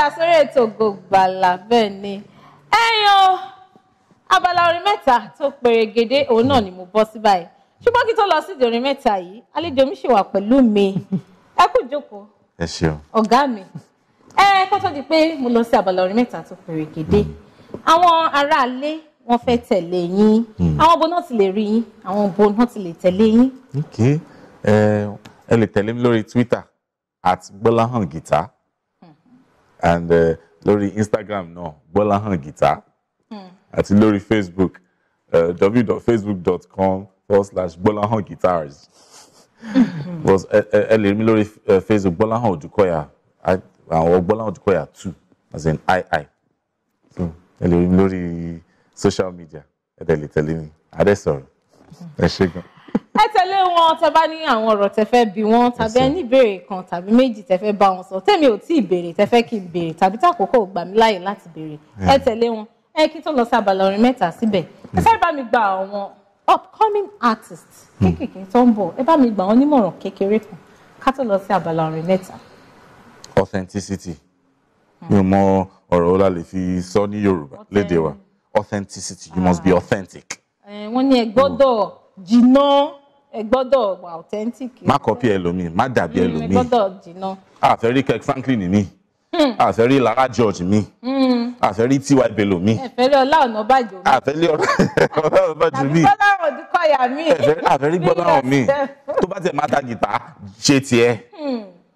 padà sórí ètò Ògo bẹ́ẹ̀ ni ẹ̀yin o abala orin mẹ́ta tó pèrègede òun náà ni mo bọ́ sí báyìí ṣùgbọ́n kí tó lọ sí ìdòrin mẹ́ta yìí àlejò mi ṣì wà pẹ̀lú mi ẹ kú jókòó ẹ ṣeun ọ̀gá mi ẹ kó tó di pé mo lọ sí abala orin mẹ́ta tó pèrègede hmm. àwọn aráalé wọn fẹ́ tẹ̀lé yín hmm. àwọn bo náà ti lè rí yín àwọn bo náà ti lè tẹ̀lé yín. ẹ lè tẹ̀lé mi lórí Twitter at gbọ́láhàn guitar and uh, lórí instagram náà gbọ́láhàn guitar hmm. àti lórí facebook uh, www.facebook.com forward slash gbọ́láhàn guitars hmm. but ẹ lè rí mi lórí uh, facebook gbọ́láhàn òdùkọ̀yà àwọn gbọ́láhàn òdùkọ̀yà two as in ii so ẹ lè rí mi lórí social media ẹ dẹ̀ lè tẹ̀lé mi adé sọ̀rọ̀ ẹ ṣé gan ẹ tẹ̀lé wọn tẹ bá ní àwọn ọ̀rọ̀ tẹ fẹ́ bi wọn tàbí ẹ ní ìbéèrè kan tàbí méjì tẹ fẹ́ bá wọn sọ tèmi ò tí ì béèrè tẹ fẹ́ kí n béèrè tàbí tàkókò gbà mí láàyè láti béèrè ẹ tẹ̀lé wọn ẹ kí tó lọ sí abala orin mẹ́ta síbẹ̀ ẹ fẹ́ bá mi gba àwọn upcoming artists hmm. kéékèèké tó ń bọ̀ ẹ bá mi gbà wọn nímọ̀ràn kékeré kan ká tó lọ sí abala orin mẹ́ta. authenticity mi ò mọ ọ̀rọ̀ ó lálẹ́ fi sọ ní Yorùbá lédè wa authenticity you must be ah. authentic. Eh, wọ́n ní ẹ gbọ́dọ̀ jìnnà ẹ gbọ́dọ̀ wà authentic. má kọ́pì ẹlòmíì má dàbí hmm, ẹlòmíì. ẹ gbọ́dọ̀ jìnnà. àfẹ́rí Kirk Franklin mi àfẹ́rí hmm. Lara George mi àfẹ́rí hmm. Tiwa Bello mi. ẹ̀fẹ́rí Ọlá Ọ̀nàbàjò mi. àfẹ́rí Ọlá Ọ̀nàbàjò mi. àbí Gbọ́dọ̀ Ọ̀dùkọ̀yà mi. àfẹ́rí Gbọ́dọ̀ mi tó bá tẹ̀ máa ta gìtá ṣe tiẹ̀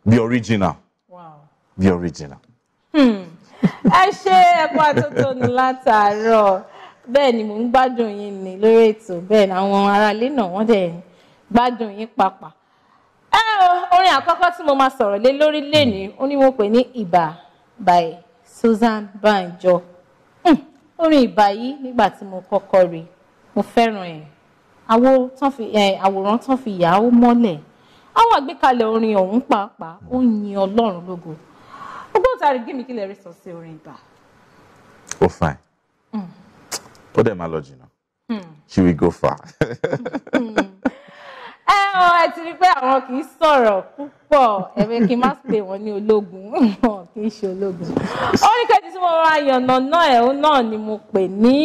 bí original bí original. ẹ ṣe ẹ̀kọ́ àtótónu látàárọ̀ bẹ́ẹ̀ ni mò ń gbádùn yín ni lórí ètò bẹ́ẹ̀ ni àwọn aráalé náà wọ́n dẹ̀ gbádùn yín papà. ẹ o orin àkọ́kọ́ tí mo máa sọ̀rọ̀ lé lórí lénìí ó ní mo pè ní ìbà by Susan Banjo hmm, orin ìbà yìí nígbà tí mo kọ́kọ́ rí mo fẹ́ràn ẹ̀ àwòrán tán fi yà á ó mọ́lẹ̀ àwọn àgbékalẹ̀ orin ọ̀hún pàápàá ó yin Ọlọ́run lógo ògbóǹtarì gímì kí lè rí sọ sí orin ìbà. ó fine hmm. ó dẹ̀ máa lọ jìnnà hmm. she will go far bá ti rí pé àwọn kì í sọ̀rọ̀ púpọ̀ ẹ̀mí kí n má pè wọ́n ní ológun kì í ṣe ológun. oríkèjì tí mo ra yànnà náà ẹ̀ náà ni mo pè ní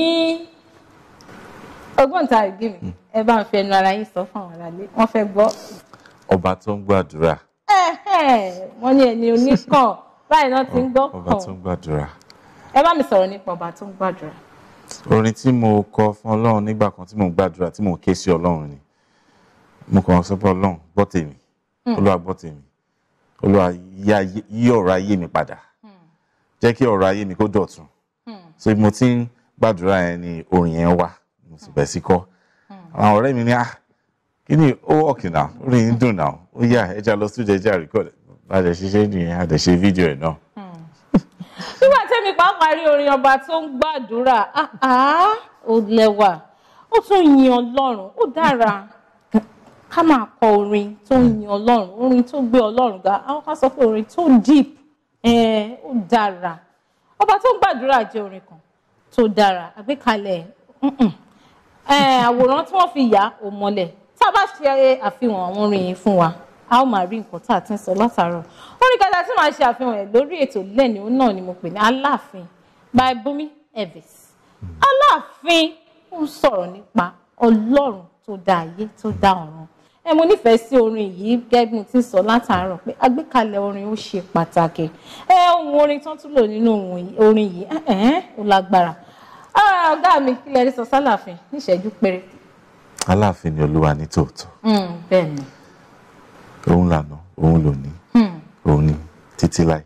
ògbóǹtarìgì mi hmm. ẹ bá ń fi ẹnu ara yín sọ fún àwọn aráalé wọ́n fẹ́ gbọ́. ọba tó ń gbàdúrà. wọ́n ní ẹni oníkàn báyìí náà ti ń gbọ́ kàn. ọba tó ń gbàdúrà. ẹ bá mi sọ̀rọ̀ nípa ọba tó ń gbàdúrà. orin tí mo kọ fún ọlọ́run nígbà kan tí mò ń gbàdúrà tí mò ń ké sí ọlọ́run ni mo kàn sọ pé ọlọ́run gbọ́ tèmi hmm. olúwa gbọ́ tèmi olúwa yí ọ̀rọ̀ ayé mi padà hmm. jẹ́ kí ọ̀rọ̀ ayé mi kó dọ̀tun so hmm. mo ti ń gbàdúrà yẹn ni orin yẹn wá mo sì bẹ̀ sí kọ́ àwọn ọ̀rẹ́ mi ní ah kí ni ó ọ̀kì náà orin yìí dùn náà ó yà ẹja lọ sí ìjẹjà rìkọ́dẹ̀ bá a dẹ̀ ṣiṣẹ́ nìyẹn a ṣe fídíò ẹ̀ náà. nígbà tẹ́mi pàápàá rí orin ọba tó ń gbàdúrà ah, ah, ó lẹ́wà ó tún yin ọlọ́run ó dára ká máa kọ orin tó ń yin ọlọ́run orin tó gbé ọlọ́run ga àwọn kan sọ pé orin tó deep ó dára ọba tó ń gbàdúrà jẹ́ orin kan tó dára àgbékalẹ̀ àwòrán tí wọ́n fi yà ó mọ́lẹ̀ tá a bá ṣe àfihàn àwọn orin yìí fún wa a ó máa rí nǹkan tá a ti ń sọ látàárọ̀ orin kata tí màá ṣe àfihàn ẹ̀ lórí ètò lẹ́ni òun náà ni mo pè ní aláàfin by Bumi Evis aláàfin ń sọ̀rọ̀ nípa ọlọ́run tó dá ayé tó dá ọ̀run ẹ mo nífẹ̀ẹ́ sí orin yìí gẹ́gùn tí ń sọ látàárọ̀ pé àgbékalẹ̀ orin ó ṣe pàtàkì ẹ ohun orin tán tún lò nínú orin yìí ẹ ẹ ó lágbára ah, ọ̀gá mi kí lẹ rí sọ sálàfin níṣẹ́jú péré. aláàfin ni olúwa ní tòótọ́. Hmm, bẹ́ẹ̀ ni. òun lànà òun lòní hmm. òun ni títí láì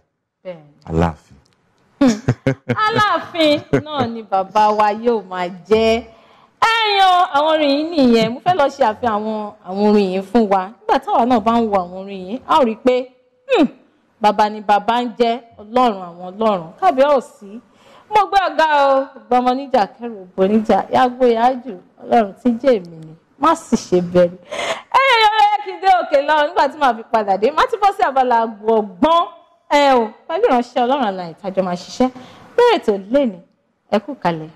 aláàfin. Hmm. aláàfin náà ni bàbá wa yóò máa jẹ́ èèyàn àwọn orin yìí nìyẹn mo fẹ́ lọ ṣe àfihàn àwọn àwọn orin yìí fún wa nígbà táwa náà bá ń wo àwọn orin yìí a ó rí i pé hmm, bàbá ni bàbá ń jẹ́ ọlọ́run àwọn ọlọ́run kábíyèsí mo gbé ọ̀gá o gbọmọ níjà kẹrù òbò níjà yàgò yájú ọlọ́run tí jẹ́ èmi ni má sì ṣe bẹ̀rù ẹ̀yìn yóò yẹ kí n dé òkè lọ nígbà tí màá fi padà dé má ti bọ́ sí abala gbọ̀ngbọ́n ẹ o pẹ̀lú ìránṣẹ́ ọlọ́run àlàyé ìtajọ́ máa ṣiṣẹ́ bẹ́ẹ̀ tó lé ní ẹkú kalẹ̀.